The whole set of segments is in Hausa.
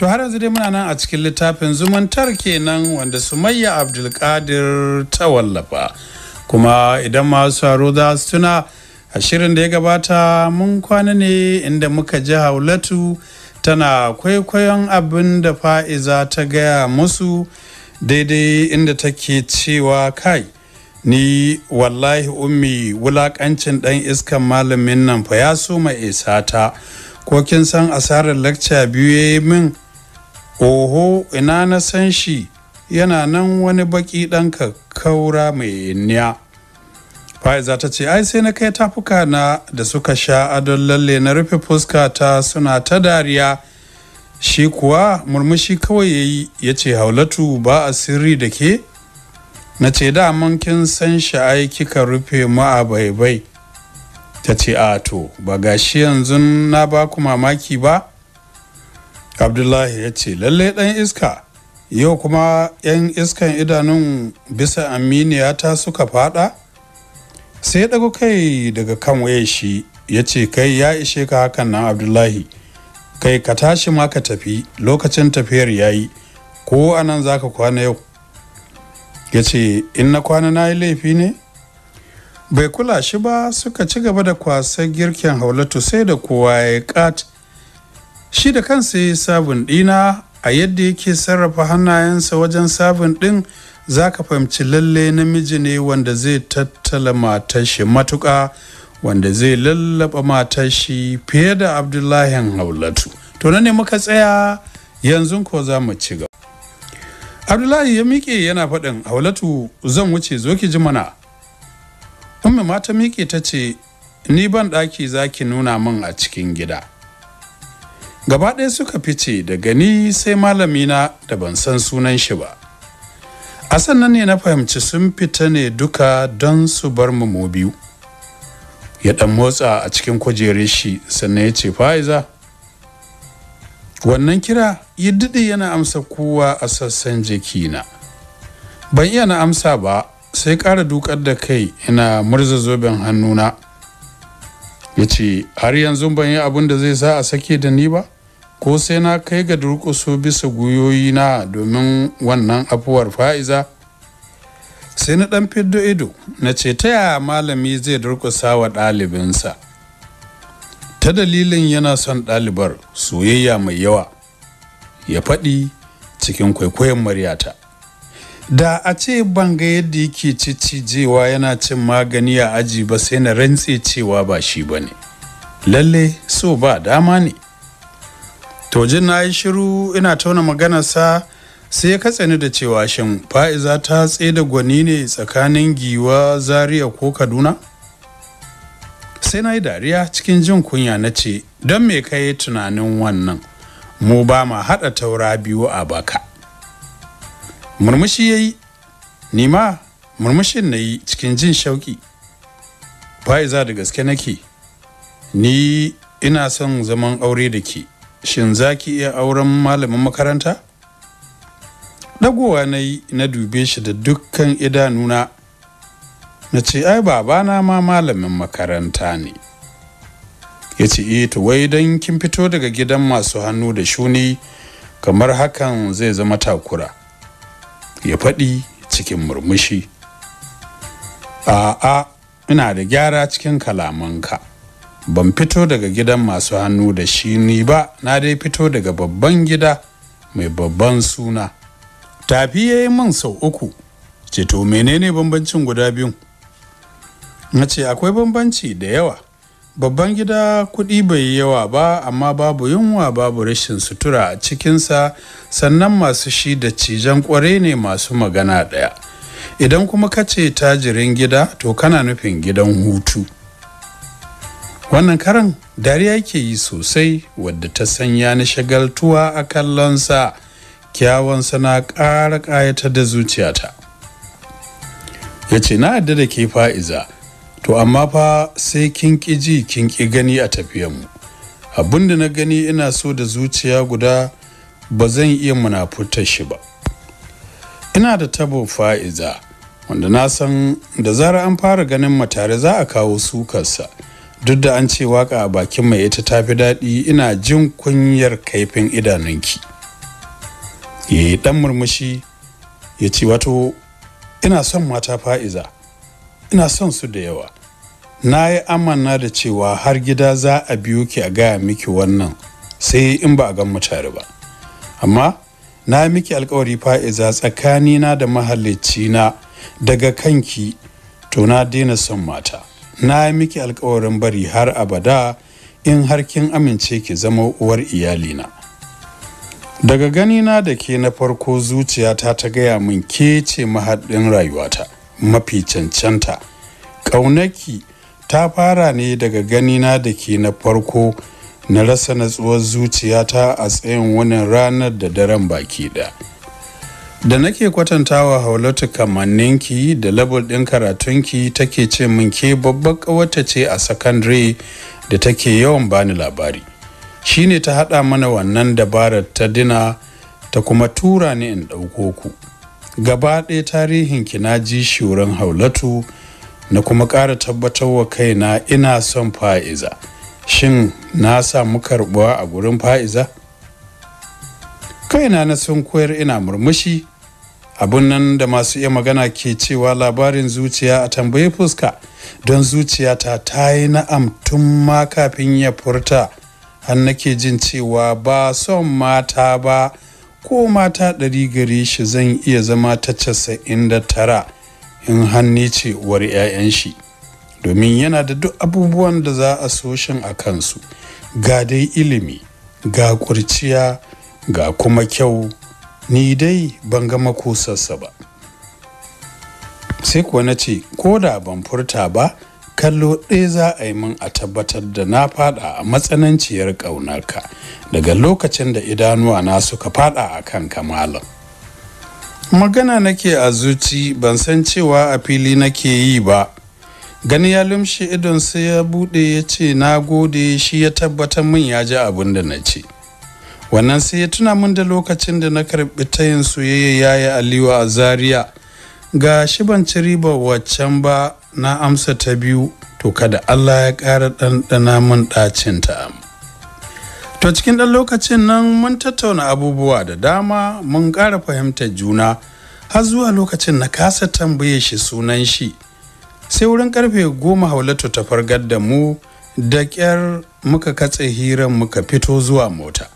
To har yanzu dai muna nan a cikin littafin zumuntar kenan wanda Sumayya Abdulkadir ta wallafa. Kuma idan masu haro za su tuna a shirin da ya gabata mun kwana ne inda muka ji Haulatu tana kwaikwayon abin da fa'iza ta gaya musu daidai inda take cewa kai. Ni wallahi ummi wulakancin ɗan iskan malamin nan fa ya so mai isa ta. ko kin san asarar lecture biyu ya min oho ina na san shi yana nan wani baki ɗan kaura mai niya faiza ta ce ai sai na kai tafuka na da suka sha adon lalle na rufe fuska ta suna ta dariya shi kuwa murmushi kawai ya yi ya ce haulatu ba a sirri da ke na ce daman kin san shi ai kika rufe mu a baibai ta ce a ba gashi yanzu na ba ku mamaki ba abdullahi ya ce lalle ɗan iska yau kuma 'yan iskan idanun bisa aminiyata suka fada sai ɗago kai daga kan waye shi ya ce kai ya ishe ka hakan nan abdullahi kai ka tashi ma ka tafi lokacin tafiyar ya yi ko anan za ka kwana yau ya ce in na kwana na yi laifi ne bai kula shi ba suka ci gaba da kwasar girkin haulatu sai da kowa ya ƙat shi da kansa ya yi sabon dina a yadda yake sarrafa hannayensa wajen sabon ɗin za ka fahimci lalle namiji ne wanda zai tattala matar shi matuƙa wanda zai lallaba matashi fiye da abdullahi haulatu to na ne muka tsaya yanzu ko za mu ci gaba abdullahi ya miƙe yana faɗin haulatu zan wuce zo ki ji mana umma mata miƙe ta ce ni ban ɗaki za ki nuna min a cikin gida gaba ɗaya suka fice da gani sai malamina da ban san sunan shi ba a sannan ne na fahimci sun fita ne duka don su bar mu mu biyu ya ɗan motsa a cikin kujerar shi sannan ya ce fa'iza wannan kira yi daɗi yana amsa kowa a sassan jikina ban iya na amsa ba sai ƙara dukar da kai ina murza zoben hannuna ya ce har yanzu ban yi abin da zai sa a sake da ni ba ko sai na kai ga durƙuso bisa na domin wannan afuwar fa'iza sai na ɗan fiddo ido na ce ta yaya malami zai durƙusa wa ɗalibinsa ta dalilin yana son ɗalibar soyayya mai yawa ya faɗi cikin kwaikwayon maryata. da a ce banga yadda yake ciccijewa yana cin magani a aji ba sai na rantse cewa ba shi ba ne lalle so ba dama ne tojin na yi shiru ina tauna maganarsa sai ya katsani da cewa shin fa'iza ta da gwani ne tsakanin giwa zaria ko kaduna sai na yi dariya cikin jin kunya na ce don me ka tunanin wannan mu ba ma haɗa taura biyu a baka murmushi ya yi nima murmushin na yi cikin jin shauki za da gaske nake ni ina son zaman aure da ke shin za ki iya auren malamin makaranta ɗagowa na yi na dube shi da dukkan idanuna na ce ai babana ma malamin makaranta ne ya ce eh wai don kin fito daga gidan masu hannu da shuni kamar hakan zai zama takura ya faɗi cikin murmushi a'a ina da gyara cikin kalamanka ban fito daga gidan masu hannu da shi ni ba na dai fito daga babban gida mai babban suna tafi ya yi min sau uku ce to menene bambancin guda biyu na ce akwai bambanci da yawa babban gida kuɗi bai yi yawa ba amma babu yunwa babu rashin sutura a cikinsa sannan masu shi da cijan kware ne masu magana ɗaya idan kuma ka ce tajirin gida to kana nufin gidan hutu wannan karan dariya ke yi sosai wadda ta sanya ni shagaltuwa a kallonsa kyawunsa na ƙara ƙayatar da zuciyata ya ce na yadda da ke fa'iza to amma fa sai kin ƙi ji kin ƙi gani a tafiyanmu abin da na gani ina so da zuciya guda ba zan iya munafutar shi ba ina da tabo fa'iza wanda na san da zarar an fara ganin matare za a kawo sukarsa duk da an ce waka a bakin mai ita ta fi daɗi ina jin kunyar kaifin idanunki ya yi ɗan murmushi ya ce wato ina son mata fa'iza ina son su da yawa na yi amana da cewa har gida za a biyo ki a gaya miki wannan sai in ba a gan mutare ba amma na yi miki alkawari fa'iza tsakanina da na daga kanki to na daina son mata na yi miki alkawarin bari har abada in har kin amince ki zama uwar iyalina daga ganina da ke na farko zuciyata ta gaya min ke ce mahaɗin rayuwata mafi cancanta ƙaunaki ta fara ne daga ganina da ke na farko na rasa natsuwar zuciyata a tsayin wani ranar da daren baki da da nake kwatantawa haulatu kamanninki da labul ɗin karatunki take ce min ke babbar ƙawata ce a sakandare da take yawan bani labari shine ta haɗa mana wannan dabarar ta dina ta kuma tura ni in ɗauko ku gaba ɗaya tarihin ki na ji shi haulatu na kuma ƙara tabbatar wa kaina ina son fa'iza shin na samu karɓuwa a gurin fa'iza kaina na sun koyar ina murmushi abun nan da masu iya magana ke cewa labarin zuciya a tambaye fuska don zuciyata ta yi na'am tun ma kafin ya furta har nake jin cewa ba son mata ba ko mata ɗari gare shi zan iya zama ta casa'in da tara in hannu ce uwar 'ya'yan shi domin yana da duk abubuwan da za a so shin a kansu ga dai ilimi ga kurciya ga kuma kyau ni dai ban ga sassa ba sai kuwa na ce ko da ban furta ba kallo ɗaya za a yi min a tabbatar da na fada a matsananciyar ƙaunarka daga lokacin da idanuwa na suka fada a kan kamalin magana nake a zuci ban san cewa a fili nake yi ba gani ya lumshe idon sai ya buɗe ya ce na gode shi ya tabbatar min ya ji abin da na ce wannan sai ya tuna min da lokacin da na karɓi tayin soyayya ya yi aliyu a zaria ga shi ban ci ribar waccan ba na amsa ta biyu to kada Allah ya ƙara ɗanɗana ɗacin ta To cikin ɗan lokacin nan mun tattauna abubuwa da dama mun ƙara fahimtar juna har zuwa lokacin na kasa tambaye shi sunan shi. Sai wurin karfe goma haulatu ta fargar da mu da ƙyar muka katse hiran muka fito zuwa mota.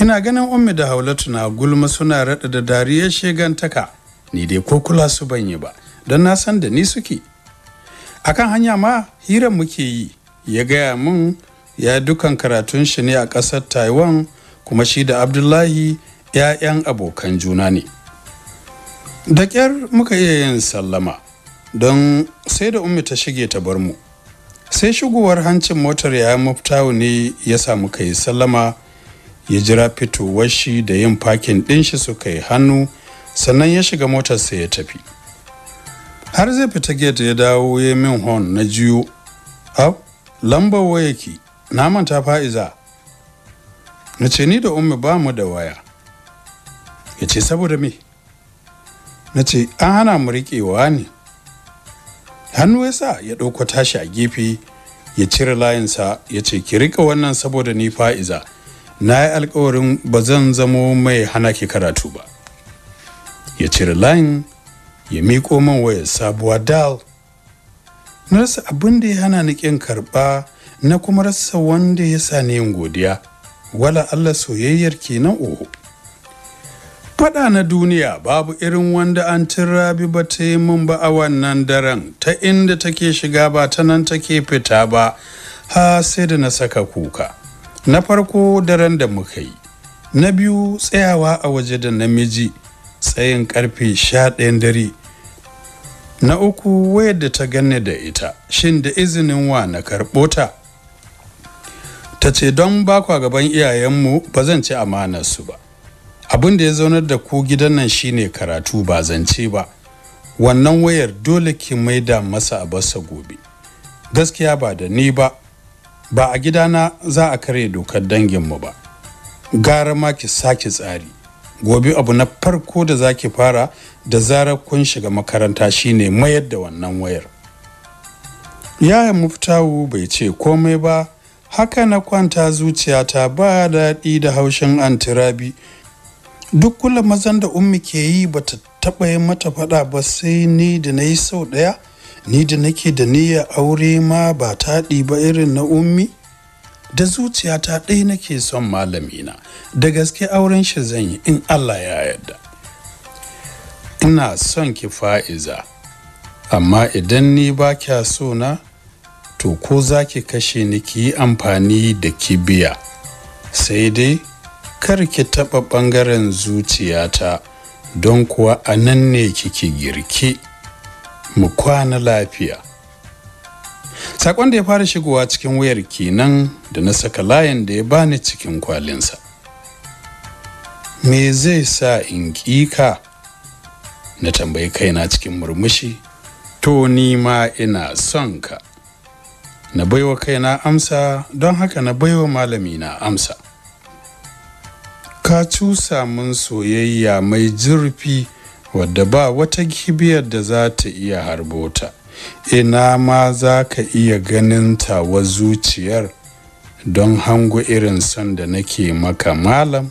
Ina ganin ummi da haulatu na gulma suna raɗa da dariyar shegantaka. ni dai ko kula su ban yi ba. don na san da ni suke akan hanya ma hiran muke yi ya gaya mun ya dukan karatun shi ne a ƙasar taiwan kuma shi da abdullahi 'ya'yan abokan juna ne da ƙyar muka iya yin sallama don sai da ummi ta shige ta bar mu sai shigowar hancin motar ya muftawu ne ya samu kai sallama ya jira fitowar shi da yin fakin ɗin shi suka yi hannu sannan ya shiga motarsa ya tafi har zai fita gate ya dawo ya min hon na jiyo hau lambar wayaki na manta fa'iza na ce ni da ummi ba mu da waya ya ce saboda me na ce an hana mu riƙewa ne hannu ya sa ya ɗauko tashi a gefe ya cire layinsa ya ce ki riƙa wannan saboda ni fa'iza na yi alkawarin ba zan zamo mai hana ki karatu ba ya cire layin ya miƙo man waya sabuwa dal na rasa abin da ya hana ni ƙin karɓa na kuma rasa wanda ya sa ni yin godiya wala allah soyayyar ke kenan oho faɗa na duniya babu irin wanda an rabi ba ta yi min ba a wannan daren ta inda take shiga ba ta nan take fita ba ha sai da na saka kuka na farko daren da muka yi na biyu tsayawa a waje da namiji tsayin karfe ɗayan dare na uku wayar da ta ganne da ita shin da izinin wa na karɓo ta ta ce don bakwa gaban iyayenmu ba zan ci su ba abin da ya zaunar da ku gidan nan shine karatu ba zance ba wannan wayar dole ki maida masa a basa gobe gaskiya ba da ni ba ba a gidana za a kare dokar danginmu ba gara ma ki sake tsari gobe abu na farko da zaki fara da zarar kun shiga makaranta shine mayar da wannan wayar yayan muftawu bai ce komai ba haka na kwanta zuciyata ba daɗi da haushin antirabi duk kula mazan da ummi ke yi ba ta taɓa yi mata faɗa ba sai ni da na yi sau ɗaya ni da nake da niyyar aure ma ba taɗi ba irin na ummi da zuciyata ɗaya nake son malamina da gaske auren shi zan yi in Allah ya yarda ina son ki fa'iza amma idan ni ba kya so na to ko za ki kashe ni ki yi amfani da kibiya sai dai kar ki taɓa ɓangaren zuciyata don kuwa a nan ne kiki girki mu kwana lafiya sakon da ya fara shigowa cikin wayar kenan da na saka layin da ya bani cikin kwalinsa me zai sa in ƙika na tambayi kaina cikin murmushi to ni ma ina son ka na baiwa kaina amsa don haka na baiwa malami na amsa ka cusa mun soyayya mai zurfi wadda ba wata kibiyar da za ta iya harbota ina ma za ka iya ganin tawa zuciyar don hango irin son da nake maka malam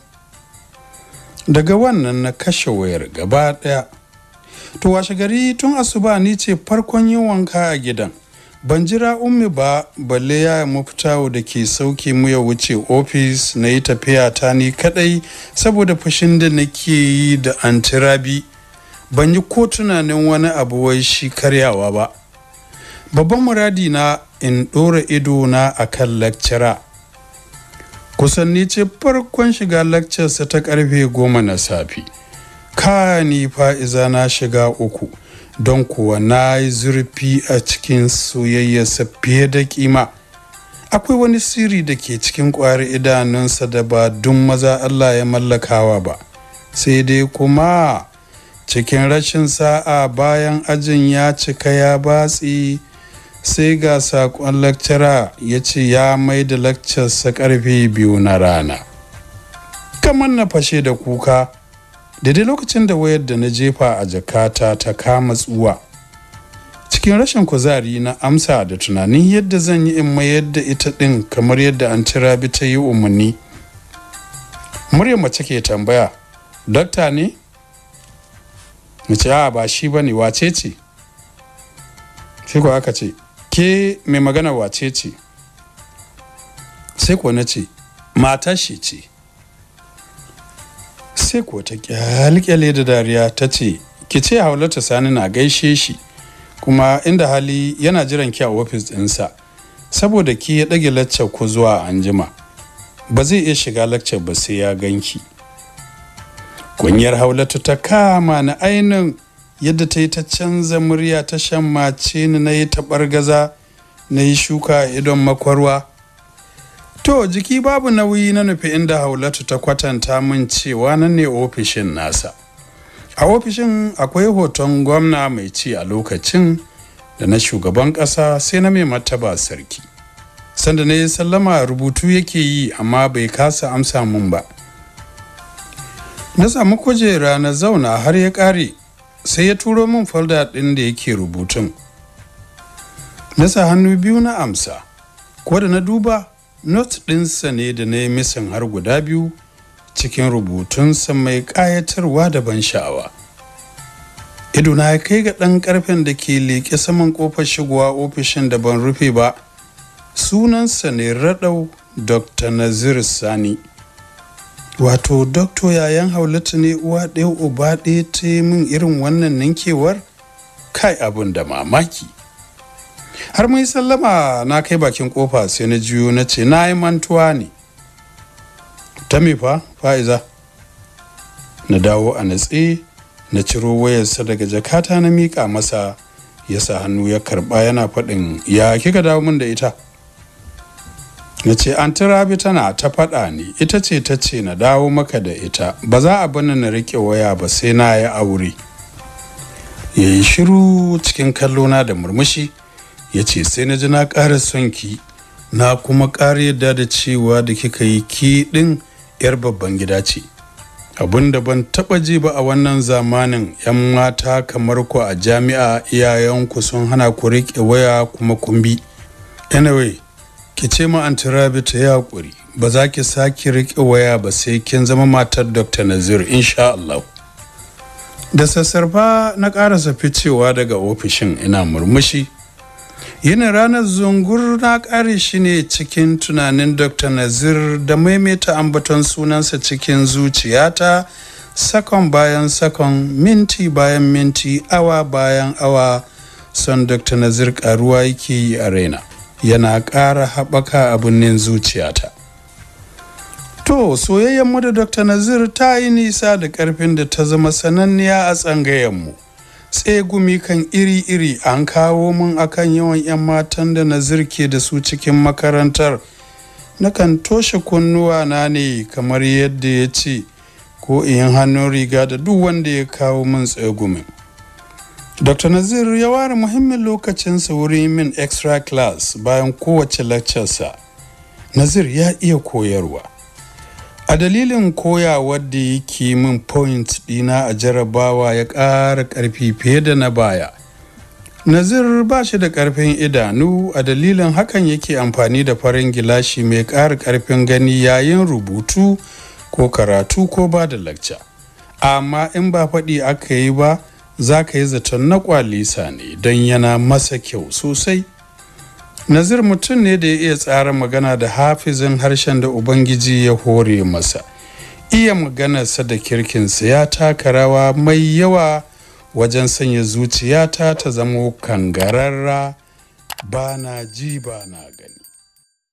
daga wannan na kashe wayar gaba ɗaya to washe gari tun asuba ni ce farkon yin wanka a gidan ban jira ummi ba balle ya mafitawo da ke sauke mu ya wuce ofis na yi tafiya ta ni kadai saboda fushin da nake yi da antirabi ban yi ko tunanin wani abu wai shi karyawa ba babban muradi na in ɗora ido na a kan lakcira kusan ce farkon shiga lakcarsa ta karfe goma na safi ka ni fa'iza na shiga uku don kuwa na yi zurfi a cikin soyayyarsa fiye da kima akwai wani siri da ke cikin ƙwari idanunsa da ba dun maza Allah ya mallakawa ba sai dai kuma cikin rashin sa'a bayan ajin ya cika ya batsi sai ga sakon lakcara ya ce ya mai da lakcarsa karfe biyu na rana kamar na fashe da kuka daidai lokacin da wayar da na jefa a jakata ta kama tsuwa cikin rashin kuzari na amsa da tunanin yadda zan yi in mayar da ita ɗin kamar yadda an rabi ta yi umarni murya mace ke tambaya dokta ne na ce ba shi ba ne wace ce sai kuwa aka ce ke mai magana wace ce sai kuwa na ce Mata shi ce sai kuwa ta kyalkyale da dariya ta ce ki ce haulata sani na gaishe shi kuma inda hali yana jiran ki a ofis ɗinsa saboda ki ya ɗage laccar ku zuwa anjima ba zai iya shiga laccar ba sai ya ganki kunyar haulatu ta kama na ainin yadda ta yi ta canza murya ta mace ni na yi taɓar gaza na yi shuka a idon makwarwa to jiki babu nauyi na nufi inda haulatu ta kwatanta min cewa nan ne ofishin nasa a ofishin akwai hoton gwamna mai ci a lokacin da na shugaban ƙasa sai na mai mataba sarki sanda na yi sallama rubutu yake yi amma bai kasa amsa mun ba na samu kujera na zauna har ya ƙare sai ya turo min folda ɗin da yake rubutun na sa hannu biyu na amsa ko da na duba not ɗinsa ne da na yi misan har guda biyu cikin rubutunsa mai ƙayatarwa da ban sha'awa na ya kai ga ɗan ƙarfen da ke leƙe saman ƙofar shigowa ofishin da ban rufe ba sunansa ne raɗau dr nazir sani wato dokto yayan haulatu ne uwa ɗaya uba ɗaya ta yi min irin wannan ninkewar kai abin da mamaki har mun yi sallama na kai bakin kofa sai na juyo na ce na yi mantuwa ne ta me fa fa'iza na dawo a natse na ciro wayarsa daga jakata na miƙa masa ya sa hannu ya karɓa yana faɗin ya kika dawo min da ita na ce an rabi tana ta faɗa ni ita ce ta ce na dawo maka da ita ba za a bani na riƙe waya ba sai na yi aure ya yi shiru cikin kallona da murmushi ya ce sai na ji na ƙara son ki na kuma ƙara yadda da cewa da kika yi ki ɗin 'yar babban gida ce abun da ban taɓa ji ba a wannan zamanin 'yan mata kamar ku a jami'a iyayenku sun hana ku rike waya kuma kumbi anyway ki ce ma anti ya ta yi hakuri ba za ki sake riƙe waya ba sai kin zama matar dr nazir insha allah da sassarfa na ƙarasa ficewa daga ofishin ina murmushi yini ranar zungur na ƙare shi ne cikin tunanin dr nazir da maimaita ambaton sunansa cikin zuciyata sakon bayan sakon minti bayan minti awa bayan awa son dr nazir ƙaruwa yake yi a raina yana ƙara haɓaka abin zuciyata to soyayyen mu da dr nazir ta yi nisa da ƙarfin da ta zama sananniya a tsangayenmu tsegumi kan iri-iri an kawo mun akan yawan 'yan matan da nazir ke da su cikin makarantar na kan toshe kunnuwa na ne kamar yadda ya ce ko in hannun riga da duk wanda ya kawo min tsegumin dr nazir ya ware muhimmin lokacinsa wurin min extra class bayan kowace laccarsa nazir ya iya koyarwa a dalilin koyawar da yake min point dina a jarabawa ya ƙara ƙarfi fiye da na baya nazir ba shi da ƙarfin idanu a dalilin hakan yake amfani da farin gilashi mai ƙara ƙarfin gani yayin rubutu ko karatu ko ba da lacca amma in ba faɗi aka yi ba za ka yi zaton na kwalisa ne don yana masa kyau sosai nazir mutum ne da ya iya tsara magana da hafizin harshen da ubangiji ya hore masa iya maganarsa da kirkinsa ya taka rawa mai yawa wajen sanya zuciyata ta zamo kangararra ba na ji ba na gani